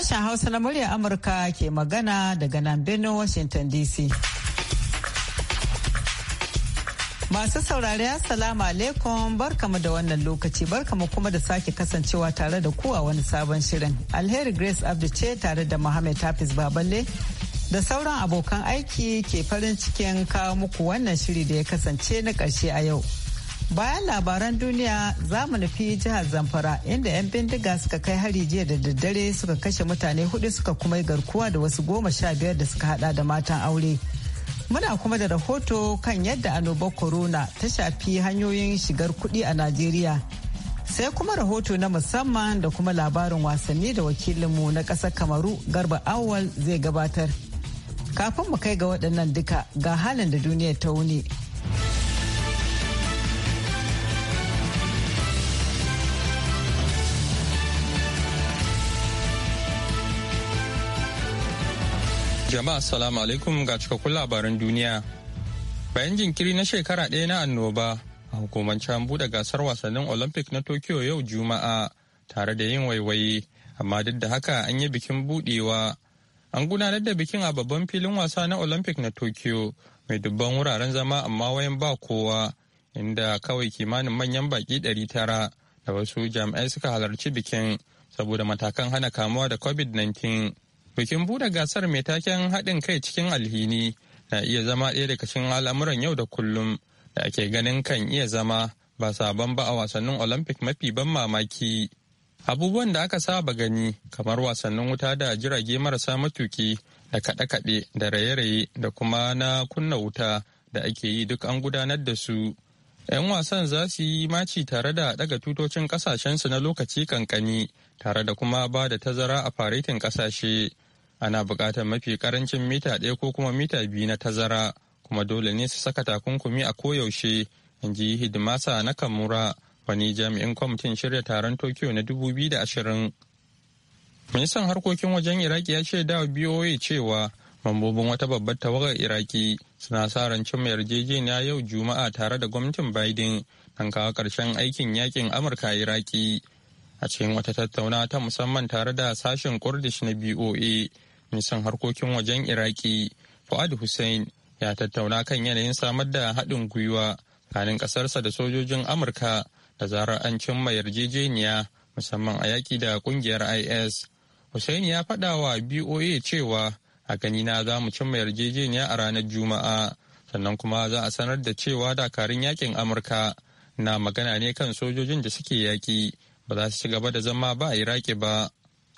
Sashen Hausa na murya Amurka ke magana daga nan birnin Washington DC. Masu saurare Assalamu alaikum barkamu da wannan lokaci barkamu kuma da sake kasancewa tare da kuwa wani sabon shirin. Alheri Grace Abdu ce tare da Mohammed Hafiz Baballe da sauran abokan aiki ke farin cikin kawo muku wannan shiri da ya kasance na ƙarshe a yau. Bayan labaran duniya za mu nufi jihar Zamfara inda 'yan bindiga suka kai hari jiya da daddare suka kashe mutane hudu suka kuma yi garkuwa da wasu goma sha biyar da suka hada da matan aure. Muna kuma da rahoto kan yadda annobar corona ta shafi hanyoyin shigar kudi a Najeriya. Sai kuma rahoto na musamman da kuma labarin wasanni da wakilinmu na ƙasar Kamaru Garba Awal zai gabatar. Kafin mu kai ga waɗannan duka ga halin da duniya ta wuni. Jama'a salamu alaikum ga cikakkun labaran duniya. Bayan jinkiri na shekara ɗaya na annoba, a hukumance an buɗe gasar wasannin Olympic na Tokyo yau Juma'a tare da yin waiwaye, amma duk da haka an yi bikin buɗewa. An gudanar da bikin a babban filin wasa na Olympic na Tokyo mai dubban wuraren zama amma wayan ba kowa, inda kawai kimanin manyan baƙi ɗari tara da wasu jami'ai suka halarci bikin saboda matakan hana kamuwa da COVID-19. bikin buɗe gasar mai taken haɗin kai cikin alhini na iya zama ɗaya daga cikin al'amuran yau da kullum da ake ganin kan iya zama ba sabon ba a wasannin olympic mafi ban mamaki abubuwan da aka saba gani kamar wasannin wuta da jirage marasa matuki da kaɗe-kaɗe da raye-raye da kuma na kunna wuta da ake yi duk an gudanar da su 'yan wasan za su yi maci tare da ɗaga tutocin ƙasashensu na lokaci kankani tare da kuma ba da tazara a faretin kasashe ana buƙatar mafi ƙarancin mita ɗaya ko kuma mita biyu na tazara kuma dole ne su saka takunkumi a koyaushe in ji hidimasa na kamura wani jami'in kwamitin shirya taron tokyo na biyu da ashirin. ministan harkokin wajen iraki ya ce dawa boa cewa mambobin wata babbar tawagar iraki suna sa rancen cimma yarjejeniya yau juma'a tare da gwamnatin biden don kawo ƙarshen aikin yakin amurka iraki a cikin wata tattauna ta musamman tare da sashen kurdish na boa nisan harkokin wajen iraki fuad hussein ya tattauna kan yanayin samar da haɗin gwiwa tsakanin ƙasarsa da sojojin amurka da zarar an cimma yarjejeniya musamman a yaƙi da ƙungiyar is hussein ya faɗa wa boa cewa a ganina za mu cimma yarjejeniya a ranar juma'a sannan kuma za a sanar da cewa dakarun yakin amurka na magana ne kan sojojin da suke yaƙi ba za su ci gaba da zama ba a iraki ba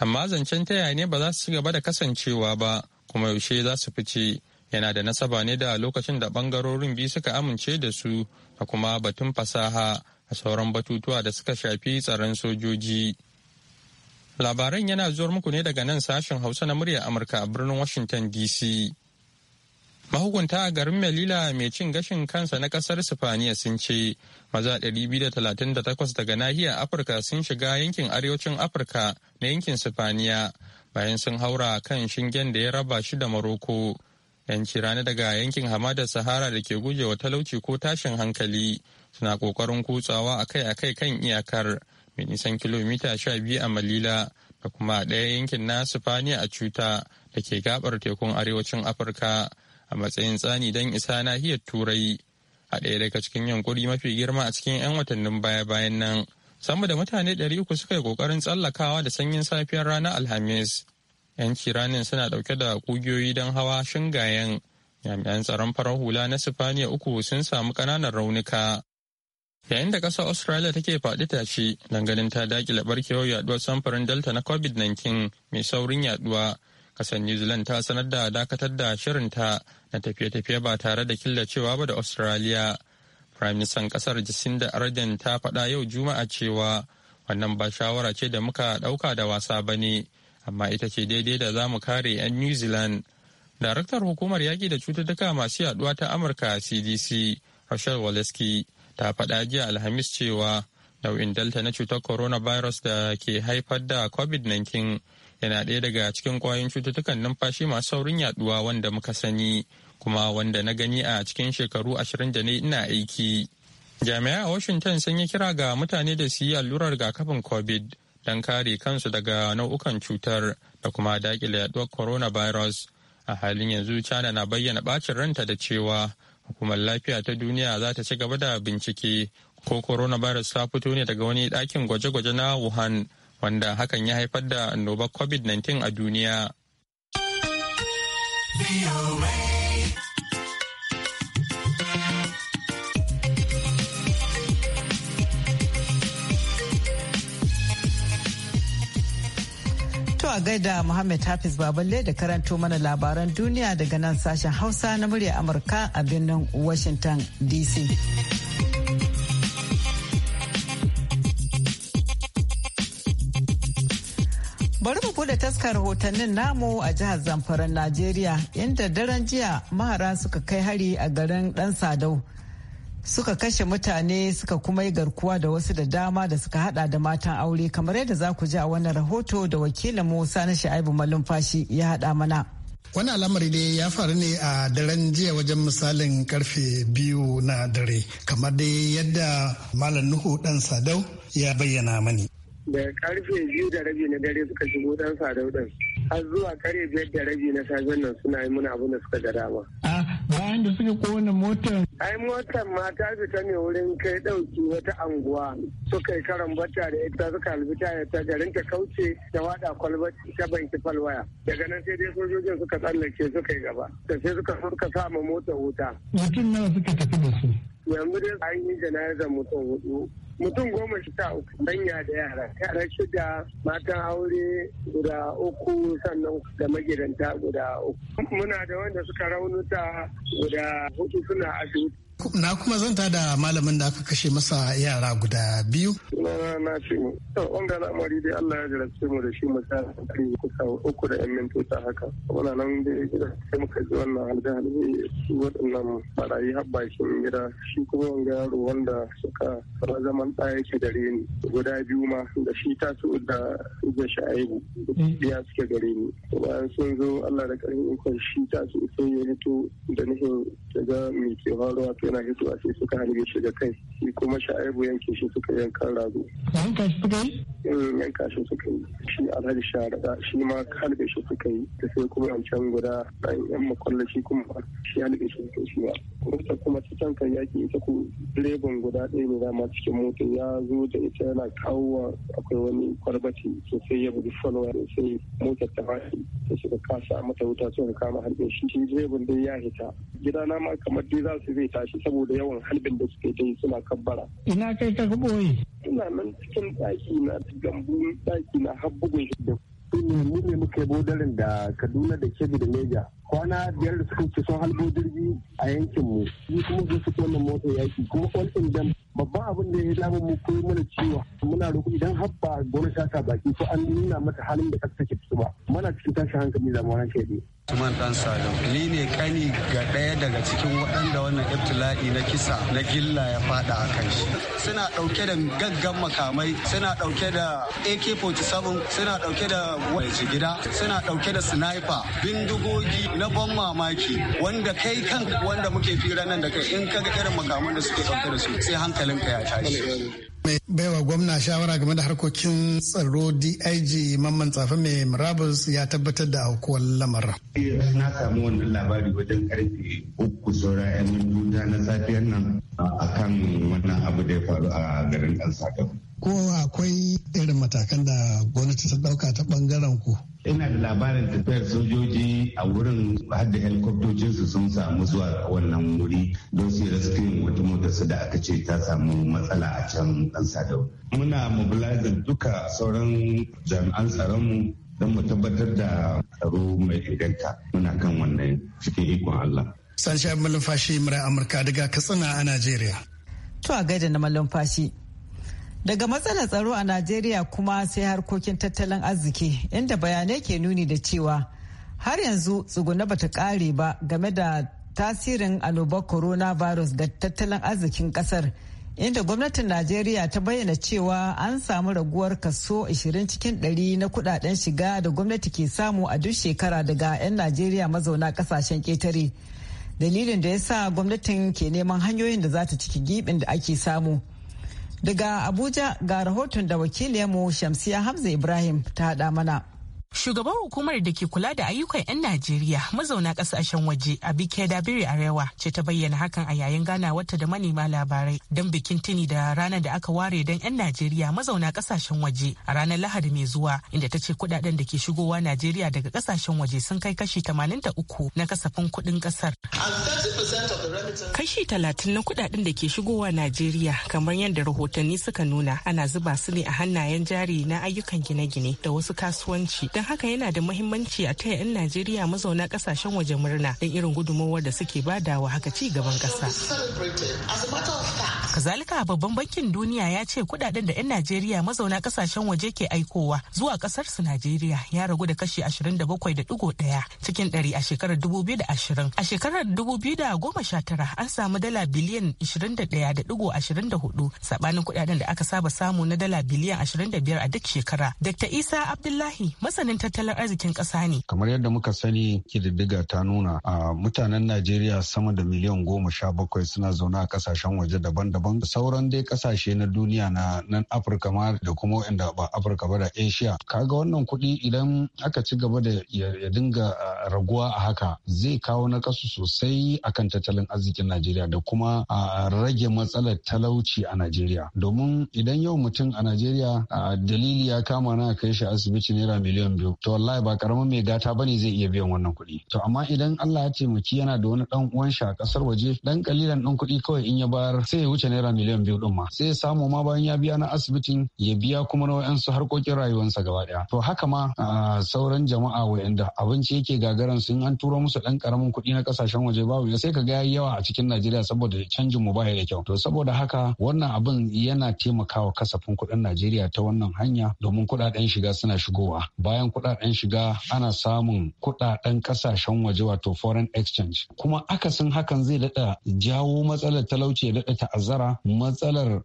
amma zancen ta yaya ne ba za su gaba da kasancewa ba kuma yaushe za su fice yana da nasaba ne da lokacin da bangarorin biyu suka amince da su da kuma batun fasaha a sauran batutuwa da suka shafi tsaron sojoji labaran yana zuwa muku ne daga nan sashen hausa na murya amurka a birnin washington dc Mahukunta a garin Melilla mai cin gashin kansa na kasar Sifaniya sun ce maza 238 daga nahiyar Afirka sun shiga yankin arewacin Afirka na yankin Sifaniya bayan sun haura kan shingen da ya raba shi da Maroko. Yanci rana daga yankin hamadar Sahara da ke gujewa talauci ko tashin hankali suna kokarin kutsawa akai-akai kan iyakar mai nisan kilomita 12 a Malila da kuma ɗaya yankin na Sifaniya a Cuta da ke gabar tekun arewacin Afirka. a matsayin tsani don isa nahiyar turai a ɗaya daga cikin yankuri mafi girma a cikin 'yan watannin baya-bayan nan sama da mutane uku suka yi kokarin tsallakawa da sanyin safiyar ranar alhamis yan kiranin suna ɗauke da ƙungiyoyi don hawa shingayen jami'an tsaron farar hula na sifaniya uku sun samu ƙananan raunuka yayin da ƙasar australia take faɗi tashi ganin ta dakile barkewar yaduwar samfurin delta na covid-19 mai saurin yaduwa Kasan New Zealand ta sanar da dakatar da shirinta na tafiye-tafiye ba tare da killacewa ba da Australia. minister kasar Jacinda Ardern ta faɗa yau Juma'a cewa wannan ba shawara ce da muka ɗauka da wasa ba ne, amma ita ce daidai da za mu kare 'yan New Zealand. Daraktar hukumar yaƙi da cututtuka masu yaduwa ta Amurka CDC, Rachel Waleski, ta faɗa jiya Alhamis cewa nau'in Delta na cutar coronavirus da ke haifar da COVID-19 yana ɗaya daga cikin ƙwayoyin cututtukan numfashi masu saurin yaduwa wanda muka sani kuma wanda na gani a cikin shekaru ashirin da ne ina aiki. jami'a' a Washington sun yi kira ga mutane da su yi allurar rigakafin COVID don kare kansu daga nau'ukan cutar da kuma daƙile yaduwar coronavirus. A halin yanzu China na bayyana bacin ranta da cewa hukumar lafiya ta duniya za ta ci gaba da bincike ko coronavirus ta fito ne daga wani ɗakin gwaje-gwaje na Wuhan wanda hakan ya haifar da annoba covid-19 a duniya. a gaida Muhammad Hafiz Baballe da karanto mana labaran duniya daga nan sashen Hausa na murya Amurka a birnin Washington DC. ku da taskar hotannin namu a jihar Zamfaran Najeriya inda daren jiya mahara suka kai hari a garin Dan Sadau. Suka kashe mutane suka kuma yi garkuwa da wasu da dama da suka hada da matan aure kamar yadda za ku ji a wannan rahoto da wakilin Musa na Sha'ibu Malumfashi ya hada mana. Wani al'amari dai ya faru ne a daren jiya wajen misalin karfe biyu na dare, kamar dai yadda Malam Nuhu dan Sadau ya bayyana mani. da karfe biyu da rabi na dare suka shigo dan sadau har zuwa kare biyar da rabi na safen nan suna yi muna abin da suka da dama. bayan da suka kowane motar. ai motar ma ta fita ne wurin kai dauki wata anguwa suka yi karan bata da ita suka albita ya ta garin ta kauce ta wada kwalba ta banki falwaya daga nan sai dai sojojin suka tsallake suka yi gaba da sai suka suka sama motar wuta. mutum nawa suka tafi da su. yanzu dai an yi jana'izar mutum hudu mutum goma sha uku manya da yara yara shida matan aure guda uku sannan da magidanta guda uku muna da wanda suka raunuta guda hudu suna asibiti Na kuma zanta da malamin da aka kashe masa yara guda biyu. Na na ce mu. To wanga al'amari dai Allah ya jirage mu da shi mu ta kan kusa uku da yan mintota haka. Muna nan ya gida sai muka ji wannan halin su waɗannan barayi har bakin gida shi kuma wanga yaro wanda suka fara zaman ɗaya yake gare ni guda biyu ma da shi ta su da da sha'ibu biya suke gare ni. Bayan sun zo Allah da ƙarfin ikon shi ta su sai ya fito da nihin daga mai ke faruwa suna hitowa sai suka hange shi da kai shi kuma sha'ibu yanke shi suka yankan rago. yanka shi suka yi? Eh, yanka shi suka yi shi alhaji sharaɗa shi ma halbe shi suka yi da sai kuma can guda ɗan yan makwalla shi kuma shi halbe shi suka shi ba. wata kuma ta can kan yaƙi ita ku. direban guda ɗaya ne dama cikin mota ya zo da ita yana kawo akwai wani kwarbati sosai ya bugi falwa sai mota ta fashi sai suka kasa mata wuta suka kama halbe shi shi direban dai ya hita gidana ma kamar dai za su zai tashi saboda yawan halbin da suke jin suna kabbara. Ina kai ka boye. Ina nan cikin ɗaki na gambu ɗaki na har shi da. Ina ne muka yi bodarin da Kaduna da Kebbi da Neja. kwana biyar da suka wuce sun halbo jirgi a yankin mu shi kuma zai fito wannan motar yaki kuma kwalfin dam babban abin da ya damu mu koyi mana cewa muna roƙo idan habba gona ta sa baki ko an nuna mata halin da kasa take ciki ba muna cikin tashin hankali da mu hankali Usman Dan Salim ni ne kani ga ɗaya daga cikin waɗanda wannan ibtila'i na kisa na gilla ya faɗa a kan shi. Suna ɗauke da gaggan makamai, suna ɗauke da AK-47, suna ɗauke da waje gida, suna ɗauke da sniper, bindigogi na ban mamaki wanda kai kan wanda muke fira nan da kai in kaga irin makaman da suke ɗauke da su sai hankalinka ya tashi. mai baiwa gwamna shawara game da harkokin tsaro dig mamman tsafa mai murabus ya tabbatar da aukuwar lamarin. na samu wannan labari wajen karfe uku saura yan na safiyar nan a kan wannan abu da ya faru a garin dan ko akwai irin matakan da gwamnati ta dauka ta bangaren ku ina da labarin tafiyar sojoji a wurin hadda su sun samu zuwa wannan wuri don su yi raskin wata su da aka ce ta samu matsala a can dan sadau muna mobilizing duka sauran jami'an tsaronmu don mu tabbatar da tsaro mai inganta muna kan wannan cikin ikon allah sunshine malumfashi mara amurka daga katsina a najeriya to a gaida na malumfashi Daga matsalar tsaro a Najeriya kuma sai harkokin tattalin arziki inda bayanai ke nuni da cewa har yanzu tsuguna bata kare ba game da tasirin annobar coronavirus da tattalin arzikin kasar inda gwamnatin Najeriya ta bayyana cewa an samu raguwar kaso 20 cikin 100 na kudaden shiga da gwamnati ke samu a duk shekara daga 'yan Najeriya mazauna kasashen ketare. Dalilin da ya sa gwamnatin ke neman hanyoyin da za ta ciki gibin da ake samu. Daga Abuja ga rahoton da wakiliyarmu Shamsiya Hamza Ibrahim ta hada mana. Shugaban hukumar da ke kula da ayyukan 'yan Najeriya mazauna kasashen waje a Bike Dabiri Arewa ce ta bayyana hakan a yayin wata da manema labarai don bikin tuni da ranar da aka ware don 'yan Najeriya mazauna kasashen waje a ranar Lahadi mai zuwa inda ta ce kudaden da ke shigowa Najeriya daga kasashen waje sun kai kashi 83 na kasafin kuɗin ƙasar. Kashi 30 na kudaden da ke shigowa Najeriya kamar yadda rahotanni suka nuna ana zuba su ne a hannayen jari na ayyukan gine-gine da wasu kasuwanci don haka yana da muhimmanci a taya 'yan najeriya mazauna kasashen waje murna don irin gudunmawar da suke badawa haka ci gaban kasa kazalika babban bankin duniya ya ce kudaden da 'yan najeriya mazauna kasashen waje ke aikowa zuwa kasar su najeriya ya ragu da kashi 27.1 cikin 100 a shekarar 2020 a shekarar 2019 an samu dala biliyan 21.24 sabanin kudaden da aka saba samu na dala biliyan 25 a duk shekara dr isa abdullahi masanin halin tattalin arzikin ƙasa ne. Kamar yadda muka sani kididdiga ta nuna a mutanen Najeriya sama da miliyan goma sha bakwai suna zaune a ƙasashen waje daban-daban. Sauran dai ƙasashe na duniya na nan Afirka ma da kuma inda ba Afirka ba da Asia. Kaga wannan kuɗi idan aka ci gaba da ya dinga raguwa a haka zai kawo nakasu sosai a kan tattalin arzikin Najeriya da kuma a rage matsalar talauci a Najeriya. Domin idan yau mutum a Najeriya dalili ya kama na kai shi asibiti naira miliyan biyu to wallahi ba karamin mai gata bane zai iya biyan wannan kuɗi to amma idan Allah ya taimaki yana da wani dan uwan shi a kasar waje dan kalilan dan kuɗi kawai in ya bayar sai ya wuce naira miliyan biyu din ma sai ya samu ma bayan ya biya na asibitin ya biya kuma na wayansu harkokin rayuwarsa gaba daya to haka ma sauran jama'a wayanda abinci yake gagaran sun an turo musu dan karamin kuɗi na kasashen waje babu sai ka gaya yayi yawa a cikin Najeriya saboda canjin mu baya da kyau to saboda haka wannan abin yana taimakawa kasafin kuɗin Najeriya ta wannan hanya domin kuɗaɗen shiga suna shigowa bayan kudaden shiga ana samun kudaden kasashen waje wato foreign exchange kuma akasin hakan zai dada jawo matsalar talauci ya dada ta'azzara matsalar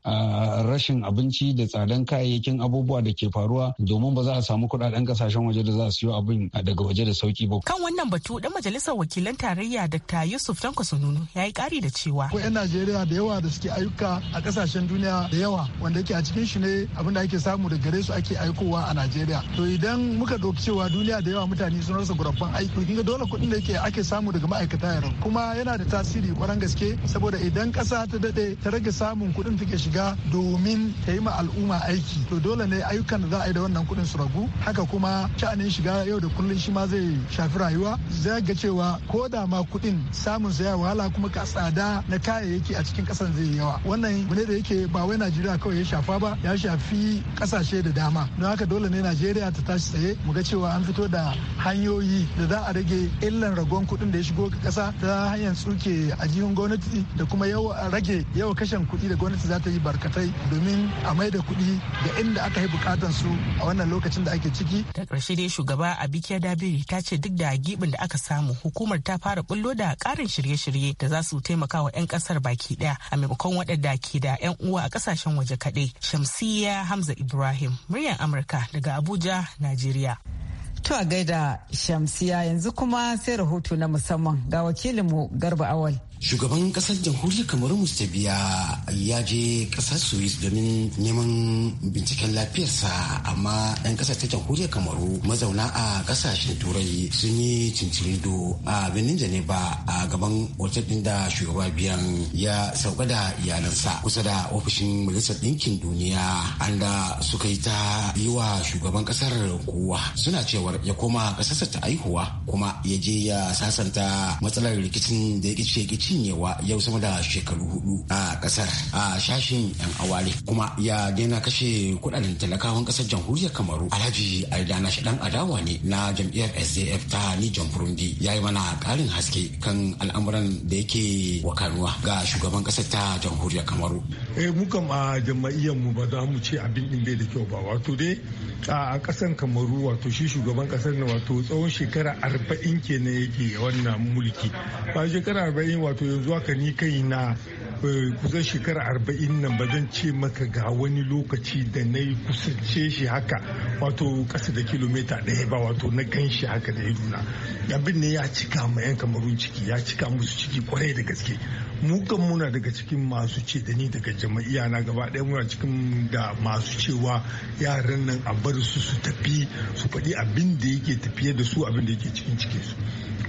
rashin abinci da tsadan kayayyakin abubuwa da ke faruwa domin ba za a samu kudaden kasashen waje da za su siyo abin daga waje da sauki ba. Kan wannan batu dan majalisar wakilan tarayya Dr. Yusuf Tanko Sununu ya yi ƙari da cewa. ko 'yan Najeriya da yawa da suke ayyuka a kasashen duniya da yawa wanda yake a cikin shi ne abin da ake samu da gare su ake aikowa a Najeriya. To idan muka ka doki cewa duniya da yawa mutane sun rasa gurabban aiki kinga dole kuɗin da yake ake samu daga ma'aikata yaran kuma yana da tasiri kwaran gaske saboda idan ƙasa ta daɗe ta rage samun kuɗin take shiga domin ta yi ma al'umma aiki to dole ne ayyukan da za a yi da wannan kuɗin su ragu haka kuma sha'anin shiga yau da kullum shi ma zai shafi rayuwa zai ga cewa ko da ma kuɗin samun sa ya wahala kuma ka tsada na kayayyaki a cikin ƙasan zai yi yawa wannan ne da yake ba wai Najeriya kawai ya shafa ba ya shafi ƙasashe da dama don haka dole ne Najeriya ta tashi tsaye mu ga cewa an fito da hanyoyi da za a rage illan ragon kuɗin da ya shigo kasa ta hanyar tsuke ajihun gwamnati da kuma yawa rage yawa kashen kuɗi da gwamnati za ta yi barkatai domin a mai da kuɗi ga inda aka yi bukatan su a wannan lokacin da ake ciki. Ta ƙarshe dai shugaba Abikiya Dabiri ta ce duk da gibin da aka samu hukumar ta fara bullo da karin shirye-shirye da za su taimaka wa 'yan ƙasar baki ɗaya a maimakon waɗanda ke da 'yan uwa a ƙasashen waje kaɗai. Shamsiyya Hamza Ibrahim, muryar Amurka daga Abuja, Najeriya. Najeriya. To a gaida Shamsiya yanzu kuma sai rahoto na musamman ga wakilinmu Garba Awal. shugaban kasar jamhuriyar kamaru biya ya je kasar swiss domin neman binciken lafiyarsa amma 'yan kasar ta jamhuriyar kamaru mazauna a kasashen turai sun yi cincirindo a birnin janeba a gaban wata din da shugaba biyan ya sauka da iyalansa kusa da ofishin majalisar ɗinkin duniya an da suka yi ta yi wa shugaban kasar kowa suna cewar ya koma kasarsa ta aihuwa kuma ya je ya sasanta matsalar rikicin da ya kice cinyewa yau sama da shekaru hudu a kasar a shashin yan aware kuma ya daina kashe kudaden talakawan kasar jamhuriyar kamaru alhaji aidana shi dan adawa ne na jam'iyyar sdf ta nijan burundi ya yi mana karin haske kan al'amuran da yake wakanuwa ga shugaban kasar ta jamhuriyar kamaru eh mu kam jama'iyyar mu ba za mu ce abin din bai da kyau ba wato dai a kasan kamaru wato shi shugaban kasar na wato tsawon shekara arba'in kenan yake wannan mulki ba shekara arba'in wato wato yanzu haka ni kai na eh, kusan shekara arba'in nan ba zan ce maka ga wani lokaci da na yi kusance shi haka wato kasa da kilomita ɗaya ba wato na gan shi haka da iduna abin ne ya cika ma yan kamarun ciki ya cika musu ciki kwarai da gaske mu kan muna daga cikin masu ce da ni daga jama'iya na gaba ɗaya muna cikin da masu cewa yaran nan a bar su su tafi su faɗi abin da yake tafiye da su abin da yake cikin cikin su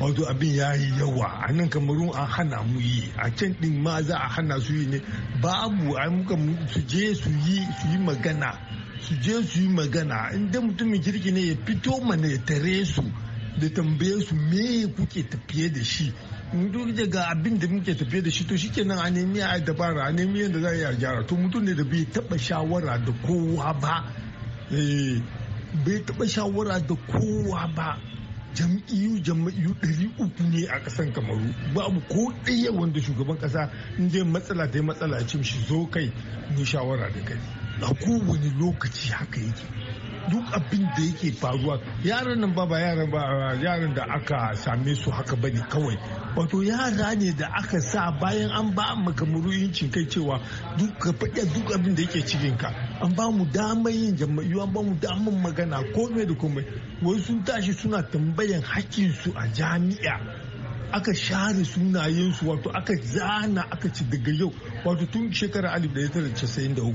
wato abin ya yi yawa a nan kamarun an hana mu yi a can din ma za a hana su yi ne babu a muka su je su yi su yi magana su je su yi magana inda mutumin kirki ne ya fito mana ya tare su da tambaye su me kuke tafiye da shi duk ga abin da muke tafiye da shi to shi shikenan a nemi a dabara a nemi yadda za a yi a gyara to mutum ne da bai taba shawara da kowa ba eh, bai taba shawara da kowa ba jam'iyyu jam'iyyu ɗari uku ne a ƙasan kamaru babu ko ɗaya wanda shugaban ƙasa in dai matsala dai matsala ce shi zo kai mu shawara da kai a kowane lokaci haka yake duk abin da yake faruwa yaran nan ba ba yaran da aka same su haka bane kawai wato yara ne da aka sa bayan an ba mu kamaru yancin kai cewa duk duk abin da yake cikin ka an ba mu damar yin jama'u an ba mu damar magana komai da komai wai sun tashi suna tambayan hakkin su a jami'a aka share sunayen su wato aka zana aka ci daga yau wato tun shekarar 1993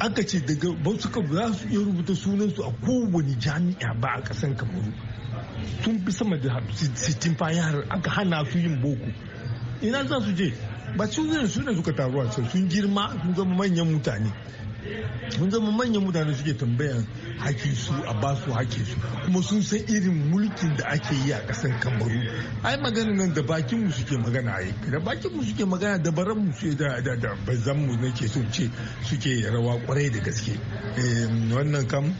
aka ce daga ba ka za su iya rubuta sunansu a kowane jami'a ba a kasan kamaru sun fi sama da 60 fayar aka hana su yin boko ina za su je ba su zai su ne suka taru a can sun girma sun zama manyan mutane sun zama manyan mutane suke tambayan hakin su a ba su hakin su kuma sun san irin mulkin da ake yi a kasar kamaru ai maganin nan da bakin mu suke magana ai da bakin mu suke magana da baran su da da da bazan mu nake so ce suke rawa kwarai da gaske wannan kam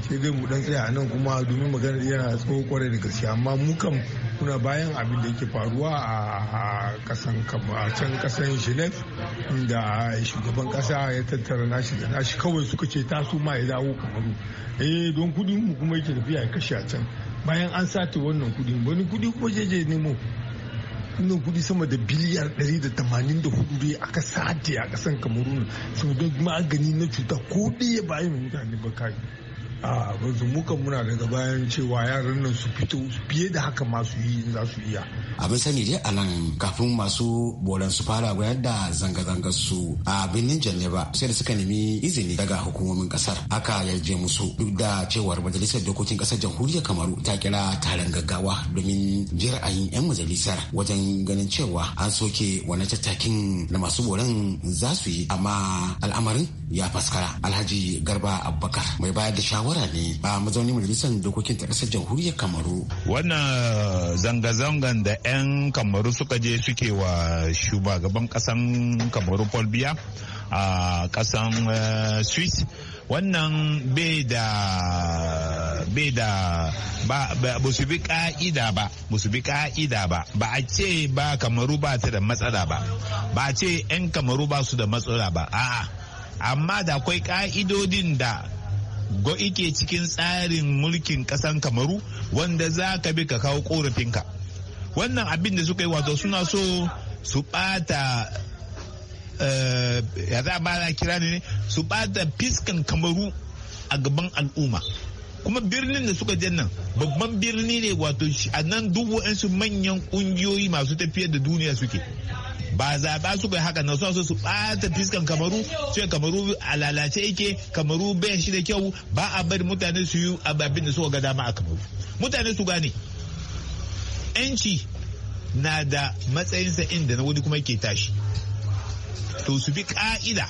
sai dai mu dan tsaya nan kuma domin maganar yana tsawo kwarai da gaske amma mu kan kuna bayan abin da yake faruwa a kasan a can kasan Geneva inda shugaban kasa ya tattara nashi da nashi kawai suka ce su ma ya dawo kamaru eh don kudin mu kuma yake tafiya ya kashe a can bayan an sati wannan kudi wani kudi kuma je je nemo wannan kudi sama da biliyar 184 dai aka sace a kasan kamarun saboda magani na cuta ko ɗaya bayan mutane ba kai a bazumukan muna daga bayan cewa yaran nan su fito fiye da haka masu yi in za su iya abin sani dai a nan kafin masu bolan su fara gudanar da zanga zanga su a birnin janeba sai da suka nemi izini daga hukumomin kasar aka yarje musu duk da cewar majalisar dokokin kasar jamhuriyar kamaru ta kira taron gaggawa domin ji ra'ayin 'yan majalisar wajen ganin cewa an soke wani tattakin na masu bolan za su yi amma al'amarin ya faskara alhaji garba abubakar mai bayar da shawara shawara ne a mazaunin majalisar dokokin ta kasar jamhuriyar kamaru wannan zanga-zangan da 'yan kamaru suka je suke wa shugaban kasan kamaru paul biya a kasan eh, swiss wannan bai da bai ba ba su bi ka'ida ba ba su bi ka'ida ba ba a ce ba kamaru ba ta da matsala ba ba a ce 'yan kamaru ba su da matsala ba a'a amma da akwai ka'idodin da go ike cikin tsarin mulkin kasan kamaru wanda za ka bi ka kawo korafinka wannan abin da suka yi wato suna so su bata eh, ya za ba kira ne su bata fiskan kamaru a gaban al'umma kuma birnin da suka je nan babban birni ne wato a nan duk waɗansu manyan ƙungiyoyi masu tafiyar da duniya suke ba zaɓa su bai haka na so su ɓata fiskan kamaru sai kamaru a lalace yake kamaru bai shi da kyau ba a bari mutane su yi abin da suka ga dama a kamaru mutane su gane yanci na da matsayinsa inda na wani kuma yake tashi to su bi ka'ida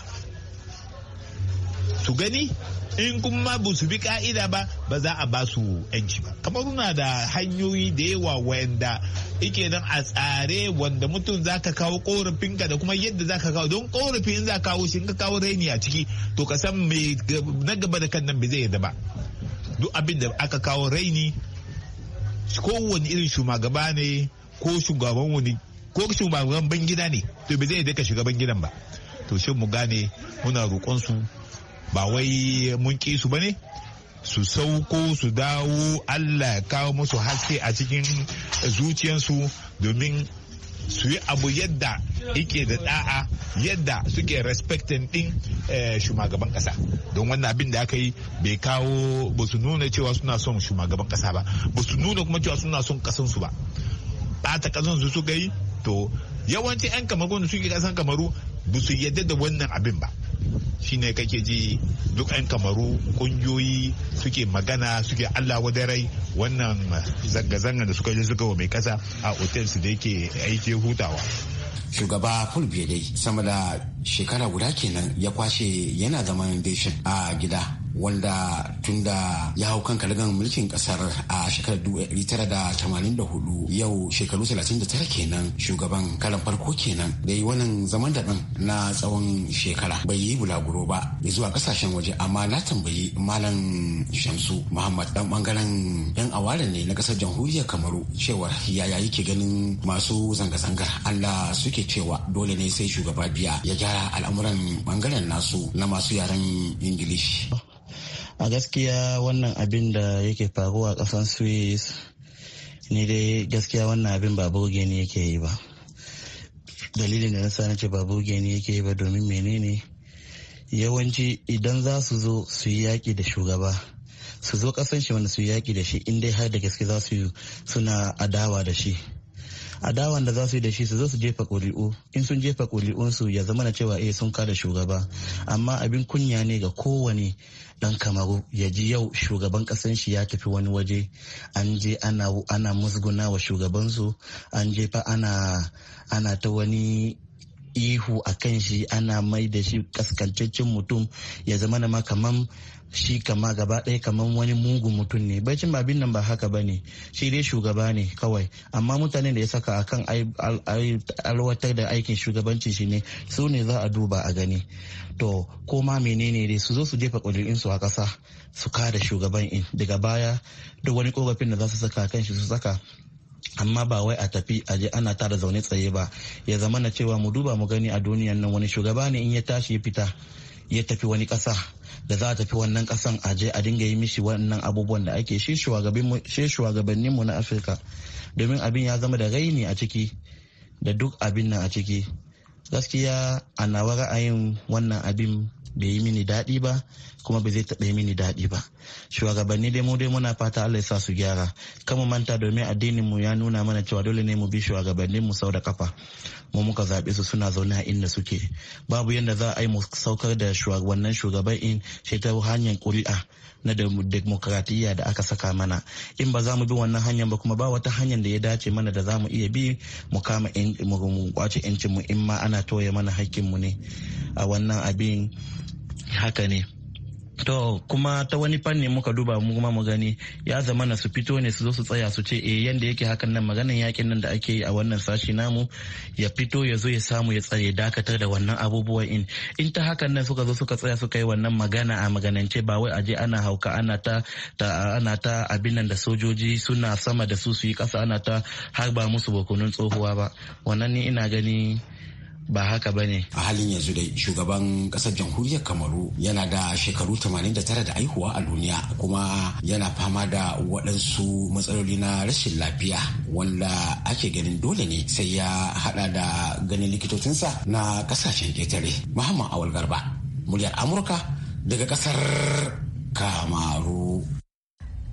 su gani in kuma ba su bi ka'ida ba ba za a ba su yanci ba kamar muna da hanyoyi da yawa wanda ike nan a tsare wanda mutum za ka kawo ka da kuma yadda za ka kawo don korafin za ka kawo shi ka kawo raini a ciki to ka san me na gaba da kan nan bai zai yadda ba duk abin da aka kawo raini kowane irin shugaba ne ko shugaban wani ko shugaban ban gida ne to bai zai yadda ka shugaban gidan ba to shin mu gane muna roƙon su ba wai mun ki su ne su sauko su dawo Allah ya kawo musu haske a cikin zuciyarsu domin su yi abu yadda ike da da'a yadda suke respectin din eh, shugaban kasa don wannan abin da aka yi bai kawo ba su nuna cewa suna son shugaban kasa ba ba su nuna kuma cewa suna son kasansu ba ɓata kasansu su yi to yawanci 'yan kamaru da suke kasan kamaru ba su yadda da wannan abin ba shi shine kake ji duk 'yan kamaru kungiyoyi suke magana suke allah wadarai wannan zanga-zanga da suka je suka wa mai kasa a otel su da yake aike hutawa shugaba fulbe dai sama da shekara guda kenan ya kwashe yana zaman daishin. a gida wanda tun da ya hau kan kalagan mulkin kasar a shekarar 1984 yau shekaru 39 kenan shugaban karan farko kenan da yi wannan zaman da na tsawon shekara bai yi bulaguro ba ya zuwa kasashen waje amma na tambayi malam shamsu muhammad dan bangaren yan awara ne na kasar jamhuriyar kamaru cewa yaya yake ganin masu zanga zanga allah suke cewa dole ne sai shugaba biya ya gyara al'amuran bangaren nasu na masu yaren ingilishi a gaskiya wannan abin da yake faruwa a kasan swiss ni dai gaskiya wannan abin ba burge ne yake yi ba dalilin da nasa nace ba burge ne yake yi ba domin menene yawanci idan za su zo su yi yaƙi da shugaba su zo kasan shi wanda su yi yaƙi da shi in dai har da gaske za su yi suna adawa da shi adawan da za su yi da shi su zo su jefa ƙuri'u in sun jefa ƙuri'unsu ya zama na cewa eh sun kada shugaba amma abin kunya ne ga kowane dan kamaru ya ji yau shugaban kasan shi ya tafi wani waje an je ana musguna wa shugabansu an jefa ana ta wani ihu a kan shi ana mai da shi kaskantaccen mutum ya zama na ma kaman shi kama gaba ɗaya kaman wani mugun mutum ne bacin babin nan ba haka ba ne shi dai shugaba ne kawai amma mutanen da ya saka a kan alwatar da aikin shugabancin shi ne su ne za a duba a gani to ko ma menene dai su zo su jefa su a ƙasa su kada shugaban in daga baya duk wani korafin da za su saka kan shi su saka amma ba wai a tafi a je ana tara zaune tsaye ba ya zama na cewa mu duba mu gani a duniyan nan wani shugaba ne in ya tashi ya fita ya tafi wani ƙasa da za a tafi wannan ƙasan a je a dinga yi mishi wannan abubuwan da ake shi shugabannin mu na afirka domin abin ya zama da raini a ciki da duk abin nan a ciki gaskiya a nawa ra'ayin wannan abin bai yi mini daɗi ba kuma ba zai taɓa mini daɗi ba shugabanni dai mu dai muna fata Allah ya sa su gyara kama manta domin addinin mu ya nuna mana cewa dole ne mu bi shugabannin mu sau da kafa mu muka zaɓe su suna zaune a inda suke babu yadda za a yi mu saukar da wannan shugaban in shi ta hanyar ƙuri'a na demokradiyya da aka saka mana in ba za mu bi wannan hanyar ba kuma ba wata hanyar da ya dace mana da za mu iya bi mu kama mu kwace yancin mu in ma ana toye mana hakkin mu ne a wannan abin haka ne To kuma ta wani fanni muka duba mu kuma mu gani ya zama na su fito ne su zo su tsaya su ce eh yanda yake hakan nan maganan yakin nan da ake yi a wannan sashi namu ya fito ya zo ya samu ya tsare dakatar da wannan abubuwan in in ta hakan nan suka zo suka tsaya suka yi wannan magana a maganance ba wai aje ana hauka ana ta, ta ana ta abin nan da sojoji suna sama da su su yi kasa ana ta harba musu bakunun tsohuwa ba wannan ni ina gani ba haka ba ne. A halin yanzu dai shugaban kasar jamhuriyar Kamaru yana da shekaru 89 da aihuwa a duniya kuma yana fama da waɗansu matsaloli na rashin lafiya wanda ake ganin dole ne sai ya haɗa da ganin likitocinsa na ƙasashen ƙetare. Muhammad Awal Garba, muryar Amurka daga ƙasar Kamaru.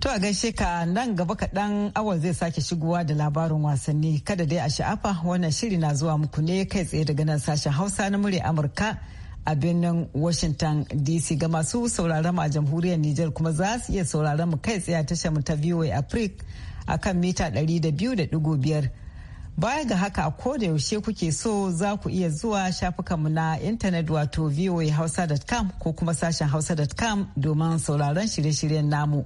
To a gaishe ka nan gaba kaɗan awal zai sake shigowa da labarin wasanni kada dai a sha'afa wannan shiri na zuwa muku ne kai tsaye daga nan sashen Hausa na murya Amurka a birnin Washington DC ga masu sauraron mu a jamhuriyar Nijar kuma za su iya sauraron mu kai tsaye a tashar mu ta VOA Africa a kan mita 200.5. Baya ga haka a da yaushe kuke so za ku iya zuwa shafukan mu na intanet wato voahausa.com ko kuma sashen hausa.com domin sauraron shirye-shiryen namu.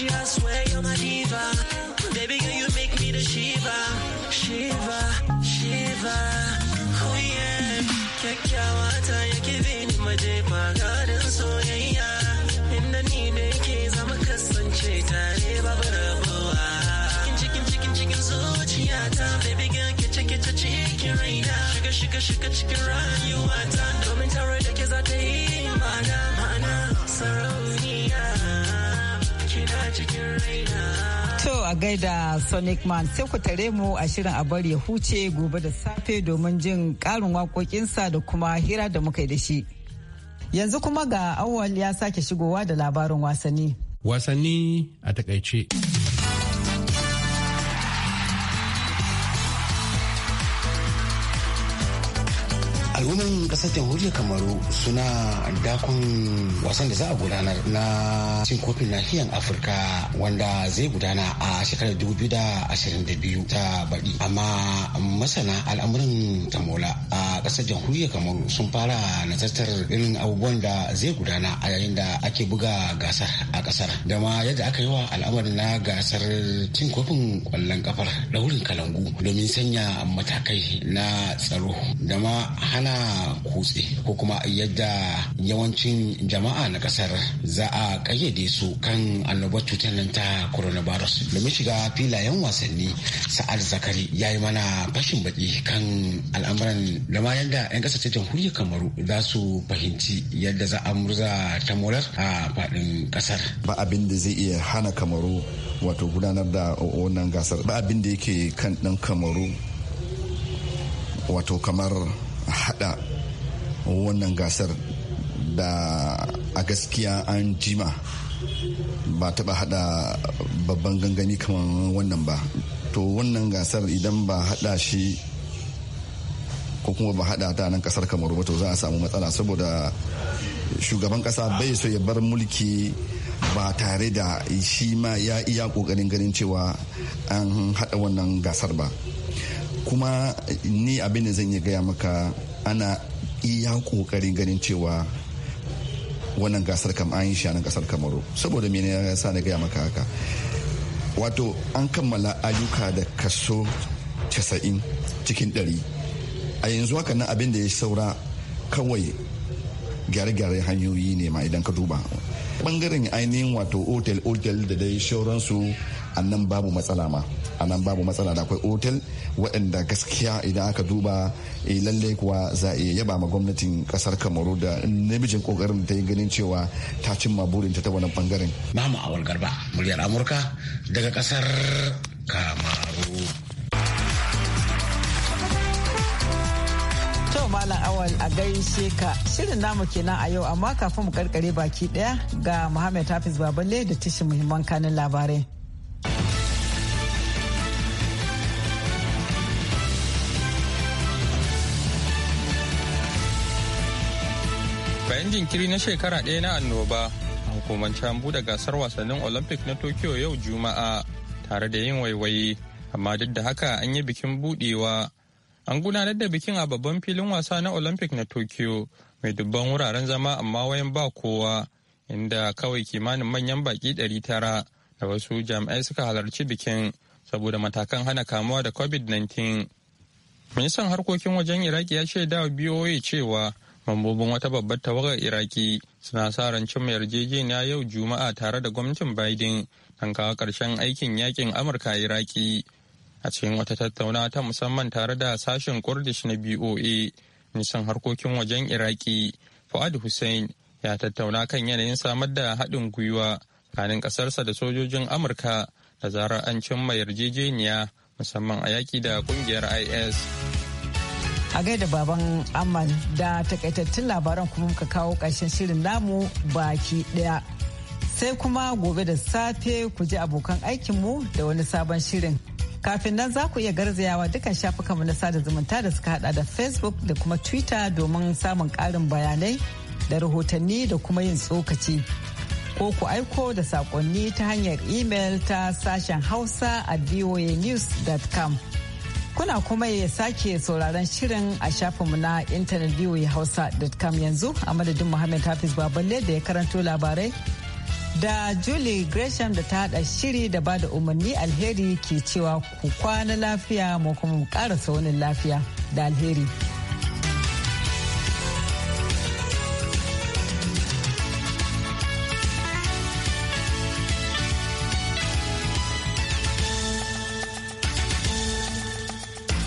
energy, I swear you're my diva. Baby girl, you make me the Shiva, Shiva, Shiva. Oh yeah, kyakkyawa ta yake bini maje magarin soyayya. Inda ni da ke zama kasance tare babu rabuwa. Cikin cikin cikin zuciya ta baby girl ke cike ta cikin raina. Shiga shiga shiga cikin rayuwa ta domin tare da ke za ta yi ma'ana mana sarauniya. To a gaida Sonic Man sai ku tare mu a shirin a bari ya huce gobe da safe domin jin karin waƙoƙinsa da kuma hira da muka yi da shi. Yanzu kuma ga awwal ya sake shigowa da labarin wasanni. Wasanni a takaice. al'umman kasar jamhuriyar kamaru suna dakon wasan da za a gudanar na cin kofin nahiyar afirka wanda zai gudana a shekarar 2022 ta baɗi amma masana al'amuran tamola a kasar jamhuriyar kamaru sun fara nazartar irin abubuwan da zai gudana a yayin da ake buga gasar a kasar da yadda aka yi wa al'amarin na gasar cin kofin kwallon kafar ɗaurin kalangu domin sanya matakai na tsaro da hana ana kutse ko kuma yadda yawancin jama'a na kasar za a kayyade su kan annobar cutar nan ta coronavirus domin shiga filayen wasanni sa'ad zakari ya yi mana fashin baki kan al'amuran da ma yadda 'yan kasar ta jamhuriyar kamaru za su fahimci yadda za a murza ta molar a faɗin kasar ba abin da zai iya hana kamaru wato gudanar da wannan gasar ba abin da yake kan ɗan kamaru wato kamar hada wannan gasar da a gaskiya an jima ba taba hada babban gangami kamar wannan ba to wannan gasar idan ba hada shi ko kuma ba hada ta nan kasar kamar ba to za a samu matsala saboda shugaban kasa bai so ya bar mulki ba tare da shi ma ya iya kokarin ganin cewa an hada wannan gasar ba kuma ni abin da zan yi gaya maka ana iya kokarin ganin cewa wannan gasar kam an yi shi a kasar kamaru saboda mene ya sa na gaya maka haka wato an kammala ayyuka da kaso 90 cikin 100 a yanzu haka nan abin da ya saura kawai gyare-gyare hanyoyi ne ma idan ka duba bangaren ainihin wato otel-otel da dai shauransu a nan babu matsala ma a nan babu matsala da akwai otel waɗanda gaskiya idan aka duba eh, lallai kuwa za a iya yaba ma gwamnatin kasar kamaru da namijin kokarin ta yi ganin cewa ta cimma burin ta wannan bangaren mama awal garba muryar amurka daga kasar kamaru Malam Awal a gaishe ka shirin namu kenan a yau amma kafin mu karkare baki daya ga Muhammad Hafiz Baballe da tishin muhimman kanin labarai. bayan jinkiri na shekara ɗaya na annoba a hukumance an buɗe gasar wasannin olympic na tokyo yau juma'a tare da yin waiwaye amma duk da haka an yi bikin buɗewa an gudanar da bikin a babban filin wasa na olympic na tokyo mai dubban wuraren zama amma wayan ba kowa inda kawai kimanin manyan baki tara da wasu jami'ai suka halarci bikin saboda matakan hana kamuwa da covid-19 ministan harkokin wajen iraki ya shaida boa cewa mambobin wata babbar tawagar iraki suna sa ran mayar yarjejeniya yau juma'a tare da gwamnatin biden kan kawo ƙarshen aikin yakin amurka iraki a cikin wata tattauna ta musamman tare da sashen kurdish na boa nisan harkokin wajen iraki fuad hussein ya tattauna kan yanayin samar da haɗin gwiwa kanin ƙasarsa da sojojin amurka da zarar an cimma yarjejeniya musamman a yaƙi da ƙungiyar is a gaida baban amman da takaitattun labaran kuma muka kawo ƙarshen shirin namu baki ɗaya sai kuma gobe da safe ku ji abokan aikinmu da wani sabon shirin kafin nan za ku iya garzayawa dukkan shafukanmu na sada zumunta da suka hada da facebook da kuma twitter domin samun ƙarin bayanai da rahotanni da kuma yin tsokaci ko ku aiko da saƙonni ta hanyar imel ta sashen hausa at voanews.com Kuna kuma ya sake sauraron shirin a shafinmu na intanet hausa.com yanzu a madadin Muhammad Hafiz Baballe da ya karanto labarai. Da Julie Gresham da ta hada shiri da ba da umarni alheri ke cewa ku kwana lafiya mu kuma mu ƙara saunin lafiya da alheri.